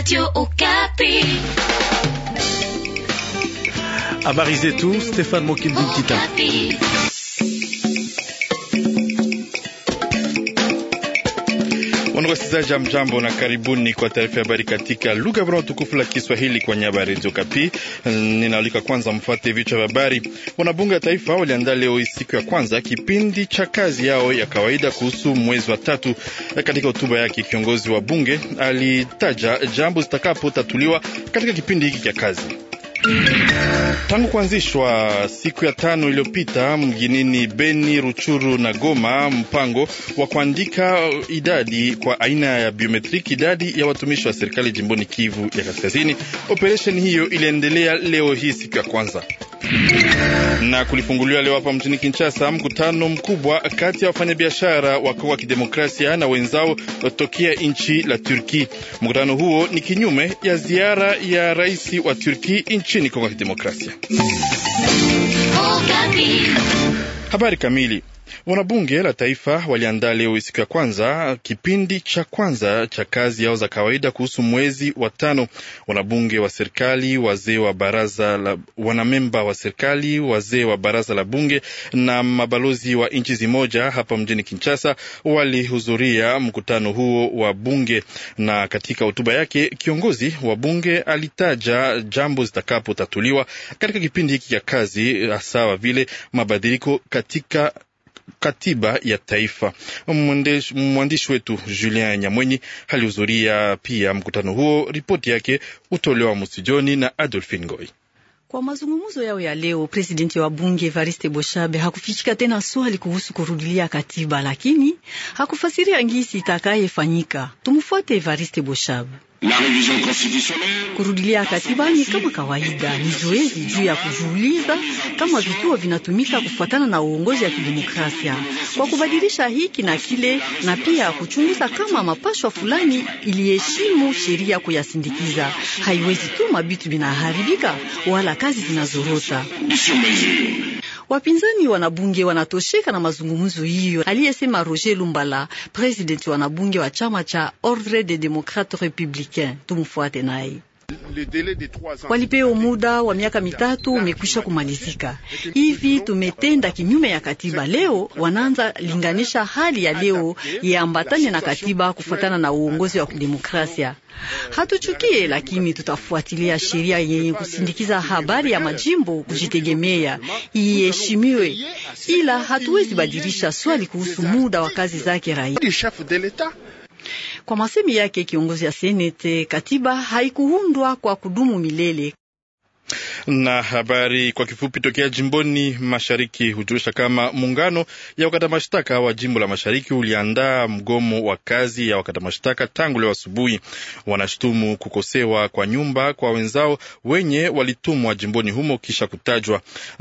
Radio Okapi. tout Stéphane Mokimbinkita. Mpendwa wasikilizaji, mjambo na karibuni kwa taarifa ya habari katika lugha bora tukufu la Kiswahili kwa niaba ya Radio Kapi. Ninaalika kwanza mfuate vichwa vya habari. Wanabunge wa taifa waliandaa leo siku ya kwanza kipindi cha kazi yao ya kawaida kuhusu mwezi wa tatu. Katika hotuba yake, kiongozi wa bunge alitaja jambo zitakapotatuliwa katika kipindi hiki cha kazi Tangu kuanzishwa siku ya tano iliyopita mjinini Beni, Ruchuru na Goma, mpango wa kuandika idadi kwa aina ya biometriki idadi ya watumishi wa serikali jimboni Kivu ya Kaskazini, operesheni hiyo iliendelea leo hii siku ya kwanza. Na kulifunguliwa leo hapa mjini Kinshasa mkutano mkubwa kati ya wafanyabiashara wa Kongo ya Kidemokrasia na wenzao tokea nchi la Turki. Mkutano huo ni kinyume ya ziara ya rais wa Turki nchini Kongo ya Kidemokrasia. Oh, Habari kamili Wanabunge la taifa waliandaa leo siku ya kwanza kipindi cha kwanza cha kazi yao za kawaida kuhusu mwezi wa tano. Wanabunge wa serikali, wazee wa baraza la wanamemba wa serikali, wazee wa baraza la bunge na mabalozi wa nchi zimoja hapa mjini Kinshasa walihudhuria mkutano huo wa bunge, na katika hotuba yake kiongozi wa bunge alitaja jambo zitakapotatuliwa katika kipindi hiki cha kazi, sawa vile mabadiliko katika katiba ya taifa. Mwandishi wetu Julien Nyamwenyi alihudhuria pia mkutano huo. Ripoti yake hutolewa musijoni na Adolfin Ngoi. Kwa mazungumzo yao ya leo, presidenti wa bunge Evariste Boshabe hakufichika tena swali kuhusu kurudilia katiba, lakini hakufasiria ngisi itakayefanyika. Tumfuate Evariste Boshabe. Kurudilia katiba ni kama kawaida, ni zoezi juu ya kujiuliza kama vituo vinatumika kufuatana na uongozi ya kidemokrasia kwa kubadilisha hiki na kile, na pia kuchunguza kama mapashwa fulani iliheshimu sheria kuyasindikiza. Haiwezi tu mabitu vinaharibika wala kazi zinazorota. Wapinzani wanabunge wanatosheka na mazungumzo hiyo, aliyesema Roger Lumbala, presidenti wanabunge wa chama cha Ordre des Democrates Republicains. Tumfuate naye walipewa muda wa miaka mitatu umekwisha kumalizika. Hivi tumetenda kinyume ya katiba. Leo wanaanza linganisha hali ya leo yaambatane na katiba kufuatana na uongozi wa kidemokrasia Hatuchukie, lakini tutafuatilia sheria yenye kusindikiza habari ya majimbo kujitegemea iheshimiwe, ila hatuwezi badilisha swali kuhusu muda wa kazi zake raia. Kwa masemi yake kiongozi ya senete, katiba haikuundwa kwa kudumu milele, na habari kwa kifupi tokea jimboni mashariki hujulisha kama muungano ya wakata mashtaka wa jimbo la mashariki uliandaa mgomo wa kazi ya wakata mashtaka tangu leo asubuhi. Wanashutumu kukosewa kwa nyumba kwa wenzao wenye walitumwa jimboni humo kisha kutajwa.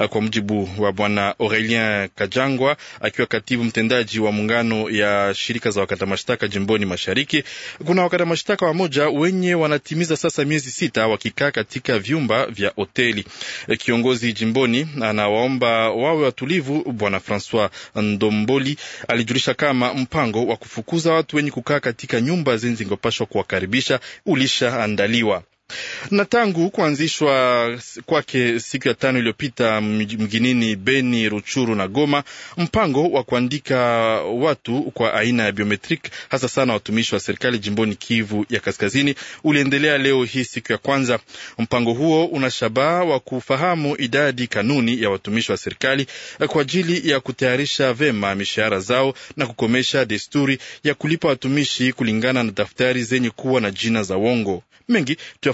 Kwa mujibu wa bwana Aurelien Kajangwa, akiwa katibu mtendaji wa muungano ya shirika za wakata mashtaka jimboni mashariki, kuna wakata mashtaka wamoja wenye wanatimiza sasa miezi sita wakikaa katika vyumba vya hoteli. E, kiongozi jimboni anawaomba wawe watulivu. Bwana Francois Ndomboli alijulisha kama mpango wa kufukuza watu wenye kukaa katika nyumba zinzingopashwa kuwakaribisha ulishaandaliwa na tangu kuanzishwa kwake siku ya tano iliyopita mginini Beni, Ruchuru na Goma, mpango wa kuandika watu kwa aina ya biometrik hasa sana watumishi wa serikali jimboni Kivu ya Kaskazini uliendelea leo hii siku ya kwanza. Mpango huo una shabaha wa kufahamu idadi kanuni ya watumishi wa serikali kwa ajili ya kutayarisha vema mishahara zao na kukomesha desturi ya kulipa watumishi kulingana na daftari zenye kuwa na jina za wongo mengi tuya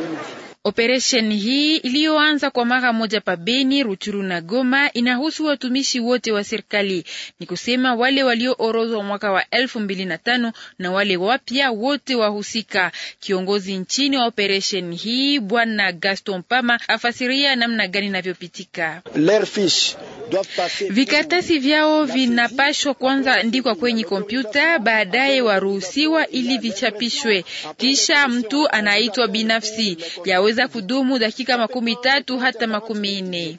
Operesheni hii iliyoanza kwa mara moja pa Beni, Ruchuru na Goma inahusu watumishi wote wa serikali, ni kusema wale walioorozwa mwaka wa elfu mbili na tano na wale wapya wote wahusika. Kiongozi nchini wa operesheni hii Bwana Gaston Pama afasiria namna gani inavyopitika. Vikaratasi vyao vinapashwa kwanza andikwa kwenye kompyuta, baadaye waruhusiwa ili vichapishwe. Kisha mtu anaitwa binafsi, yaweza kudumu dakika makumi tatu hata makumi nne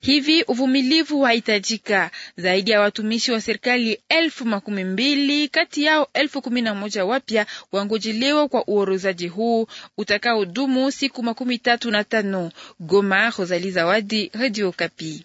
hivi uvumilivu wahitajika. Zaidi ya watumishi wa serikali elfu makumi mbili kati yao elfu kumi na moja wapya wangojelewa kwa uorozaji huu utakaodumu siku makumi tatu na tano. Goma, Rosali Zawadi, Radio Kapi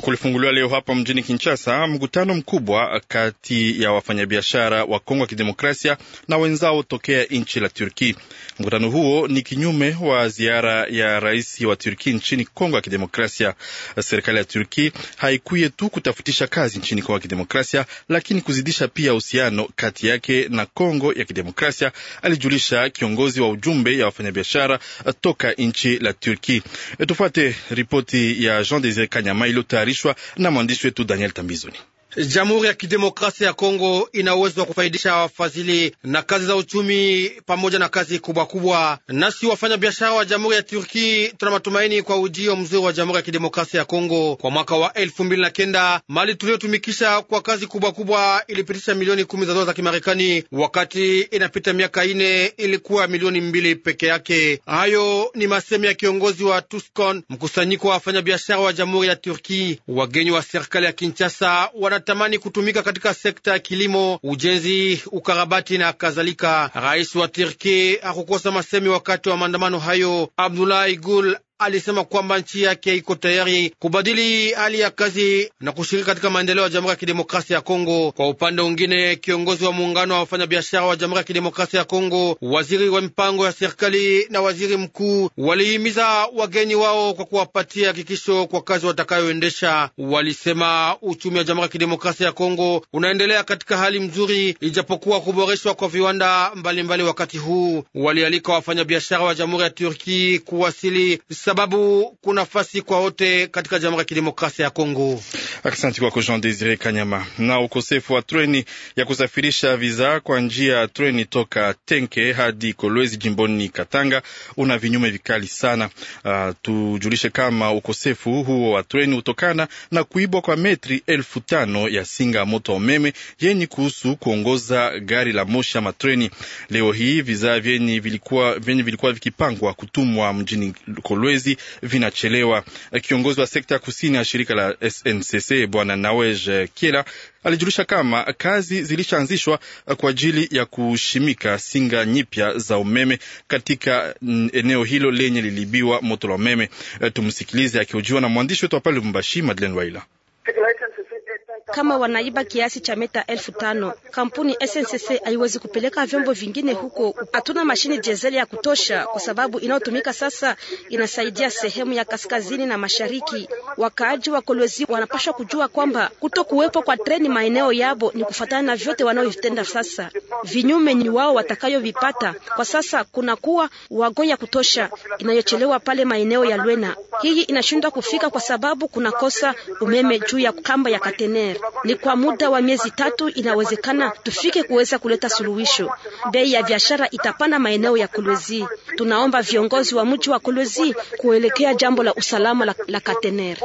kulifunguliwa leo hapa mjini Kinshasa mkutano mkubwa kati ya wafanyabiashara wa Kongo ya Kidemokrasia na wenzao tokea nchi la Turki. Mkutano huo ni kinyume wa ziara ya rais wa Turki nchini Kongo ya Kidemokrasia. Serikali ya Turki haikuye tu kutafutisha kazi nchini Kongo ya Kidemokrasia, lakini kuzidisha pia uhusiano kati yake na Kongo ya Kidemokrasia, alijulisha kiongozi wa ujumbe ya wafanyabiashara toka nchi la Turki. Tufuate ripoti ya Jean Desire Kanyama iliyota imetayarishwa na mwandishi wetu Daniel Tambizoni. Jamhuri ya Kidemokrasia ya Kongo ina uwezo wa kufaidisha wafadhili na kazi za uchumi pamoja na kazi kubwa kubwa. Nasi wafanya biashara wa Jamhuri ya Turki tuna matumaini kwa ujio mzuri wa Jamhuri ya Kidemokrasia ya Kongo kwa mwaka wa elfu mbili na kenda. Mali tuliyotumikisha kwa kazi kubwa kubwa ilipitisha milioni kumi za dola za Kimarekani, wakati inapita miaka ine ilikuwa milioni mbili peke yake. Hayo ni masemi ya kiongozi wa TUSCON, mkusanyiko wa wafanyabiashara wa Jamhuri ya Turki. wageni wa serikali ya Kinshasa wana wanatamani kutumika katika sekta ya kilimo, ujenzi, ukarabati na kadhalika. Rais wa Turki hakukosa masemi wakati wa maandamano hayo. Abdullah Gul alisema kwamba nchi yake iko tayari kubadili hali ya kazi na kushiriki katika maendeleo ya Jamhuri ya Kidemokrasia ya Kongo. Kwa upande mwingine, kiongozi wa muungano wa wafanyabiashara wa Jamhuri ya Kidemokrasia ya Kongo, waziri wa mipango ya serikali na waziri mkuu walihimiza wageni wao kwa kuwapatia hakikisho kwa kazi watakayoendesha. Walisema uchumi wa Jamhuri ya Kidemokrasia ya Kongo unaendelea katika hali mzuri, ijapokuwa kuboreshwa kwa viwanda mbalimbali mbali. Wakati huu walialika wafanyabiashara wa Jamhuri ya Turki kuwasili sababu kuna nafasi kwa wote katika Jamhuri ya Kidemokrasia ya Kongo. Asante kwako Jean Desire Kanyama. Na ukosefu wa treni ya kusafirisha vizaa kwa njia ya treni toka Tenke hadi Kolwezi jimboni Katanga una vinyume vikali sana. Uh, tujulishe kama ukosefu huo wa treni hutokana na kuibwa kwa metri elfu tano ya singa ya moto wa umeme yenye kuhusu kuongoza gari la moshi ama treni. Leo hii vizaa vyenye vilikuwa, vyenye vilikuwa vikipangwa kutumwa mjini Kolwezi mwezi vinachelewa. Kiongozi wa sekta kusini ya shirika la SNCC Bwana Nawej Kiela alijulisha kama kazi zilishaanzishwa kwa ajili ya kushimika singa nyipya za umeme katika eneo hilo lenye lilibiwa moto la umeme. Tumsikilize akihojiwa na mwandishi wetu wa pale Lubumbashi, Madeleine Waila kama wanaiba kiasi cha meta elfu tano. Kampuni SNCC haiwezi kupeleka vyombo vingine huko. Hatuna mashine jezeli ya kutosha, kwa sababu inayotumika sasa inasaidia sehemu ya kaskazini na mashariki. Wakaaji wa Kolwezi wanapashwa kujua kwamba kuto kuwepo kwa treni maeneo yabo ni kufatana na vyote wanaovitenda sasa. Vinyume ni wao watakayovipata. Kwa sasa kuna kuwa wago ya kutosha inayochelewa pale maeneo ya Lwena. Hii inashindwa kufika kwa sababu kuna kosa umeme juu ya kamba ya Katener ni kwa muda wa miezi tatu, inawezekana tufike kuweza kuleta suluhisho. Bei ya biashara itapanda maeneo ya Kolwezi. Tunaomba viongozi wa mji wa Kolwezi kuelekea jambo la usalama la, la Katener.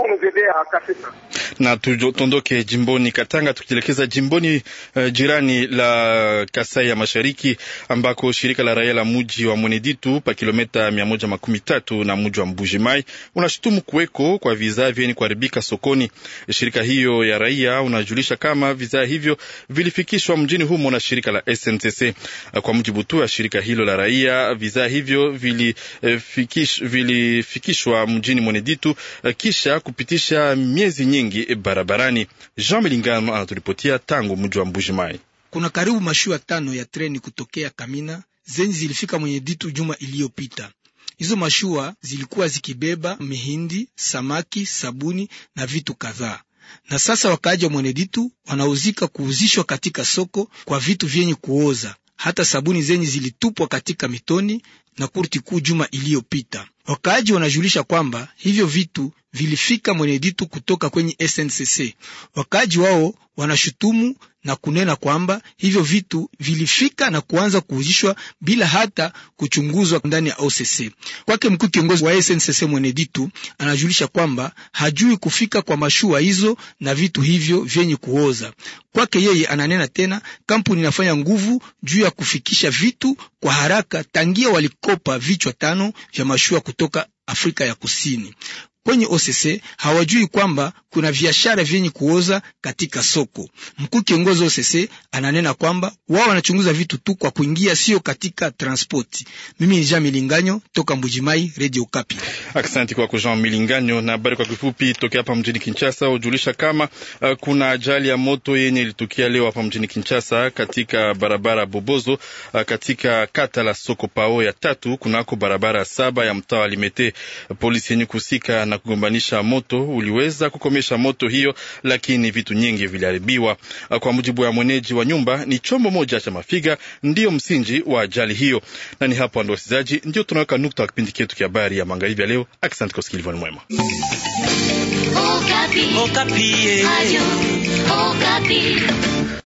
Na tuondoke jimboni Katanga tukielekeza jimboni uh, jirani la Kasai ya Mashariki ambako shirika la raia la muji wa Mweneditu pa kilometa mia moja makumi tatu na muji wa Mbujimai unashutumu kuweko kwa vizaa vyeni kuharibika sokoni. Shirika hiyo ya raia unajulisha kama vizaa hivyo vilifikishwa mjini humo na shirika la SNCC. Kwa mujibu tu ya shirika hilo la raia, vizaa hivyo eh, vilifikishwa vili mjini Mweneditu eh, kisha kupitisha miezi nyingi eh, barabarani. Jean Milingano anaturipotia tangu mji wa Mbujimai. Kuna karibu mashua tano ya treni kutokea Kamina zenye zilifika Mweneditu juma iliyopita. Hizo mashua zilikuwa zikibeba mihindi, samaki, sabuni na vitu kadhaa na sasa wakaaji wa Mweneditu wanauzika kuuzishwa katika soko kwa vitu vyenye kuoza. Hata sabuni zenye zilitupwa katika mitoni na kurti kuu juma iliyopita. Wakaaji wanajulisha kwamba hivyo vitu vilifika Mweneditu kutoka kwenye SNCC. Wakaaji wao wanashutumu na kunena kwamba hivyo vitu vilifika na kuanza kuuzishwa bila hata kuchunguzwa ndani ya OCC. Kwake mkuu kiongozi wa SNCC Mweneditu anajulisha kwamba hajui kufika kwa mashua hizo na vitu hivyo vyenye kuoza. Kwake yeye ananena tena, kampuni inafanya nguvu juu ya kufikisha vitu kwa haraka, tangia walikopa vichwa tano vya mashua kutoka Afrika ya Kusini kwenye OCC hawajui kwamba kuna biashara vyenye kuoza katika soko. Mkuu kiongozi OCC ananena kwamba wao wanachunguza vitu tu kwa kuingia, sio katika transport. Mimi ni Jean Milinganyo toka Mbujimai, Radio Kapi. Asante kwako Jean Milinganyo. Na habari kwa kifupi tokea hapa mjini Kinshasa hujulisha kama uh, kuna ajali ya moto yenye ilitukia leo hapa mjini Kinshasa katika barabara Bobozo uh, katika kata la soko pao ya tatu kunako barabara saba ya mtaa wa Limete. Polisi yenye kuhusika na kugombanisha moto uliweza kukomesha moto hiyo, lakini vitu nyingi viliharibiwa. Kwa mujibu ya mwenyeji wa nyumba, ni chombo moja cha mafiga ndiyo msingi wa ajali hiyo. Na ni hapo ando wasikilizaji, ndio tunaweka nukta wa kipindi chetu kia habari ya magharibi ya leo. Asante kwa usikilivu, mwema Okapi. Okapi. Eh.